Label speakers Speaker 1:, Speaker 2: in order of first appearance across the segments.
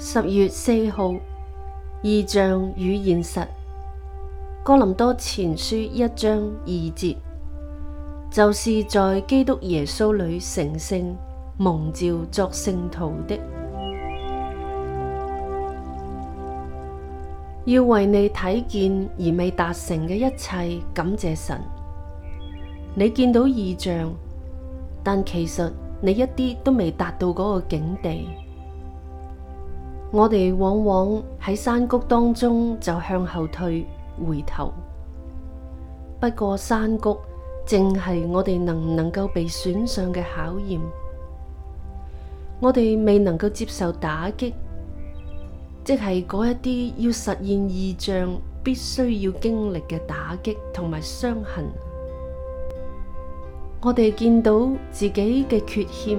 Speaker 1: 十月四號，異象與現實，《哥林多前書》一章二節，就是在基督耶穌裏成聖蒙召作聖徒的，要為你睇見而未達成嘅一切感謝神。你見到異象，但其實你一啲都未達到嗰個境地。我哋往往喺山谷當中就向後退，回頭。不過山谷正係我哋能唔能夠被選上嘅考驗。我哋未能夠接受打擊，即係嗰一啲要實現異象必須要經歷嘅打擊同埋傷痕。我哋見到自己嘅缺欠。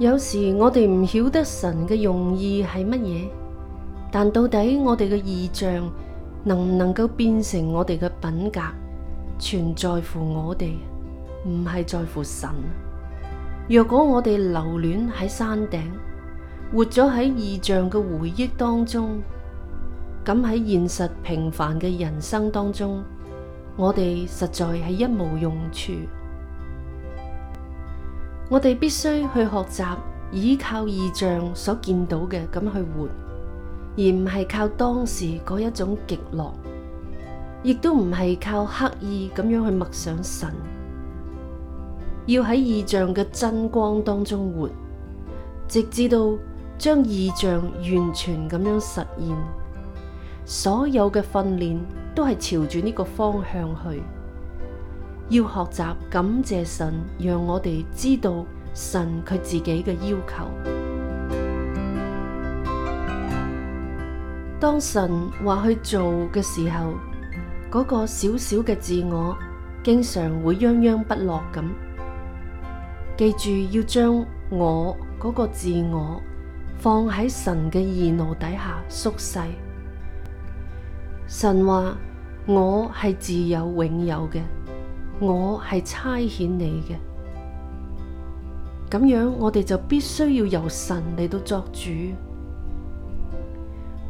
Speaker 1: 有時我哋唔曉得神嘅用意係乜嘢，但到底我哋嘅異象能唔能夠變成我哋嘅品格，全在乎我哋，唔係在乎神。若果我哋留戀喺山頂，活咗喺異象嘅回憶當中，咁喺現實平凡嘅人生當中，我哋實在係一無用處。我哋必須去學習倚靠異象所見到嘅咁去活，而唔係靠當時嗰一種極樂，亦都唔係靠刻意咁樣去默想神，要喺異象嘅真光當中活，直至到將異象完全咁樣實現，所有嘅訓練都係朝住呢個方向去。要學習感謝神，讓我哋知道神佢自己嘅要求。當神話去做嘅時候，嗰個小小嘅自我經常會怏怏不樂。咁，記住要將我嗰個自我放喺神嘅意怒底下縮細。神話我係自有永有嘅。我係差遣你嘅。咁樣我哋就必須要由神嚟到作主。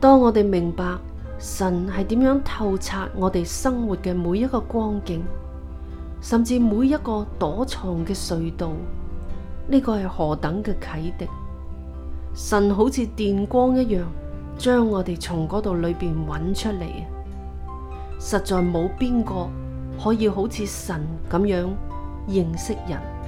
Speaker 1: 當我哋明白神係點樣透徹我哋生活嘅每一個光景，甚至每一個躲藏嘅隧道，呢個係何等嘅啟迪！神好似電光一樣，將我哋從嗰度裏邊揾出嚟啊！實在冇邊個可以好似神咁樣認識人。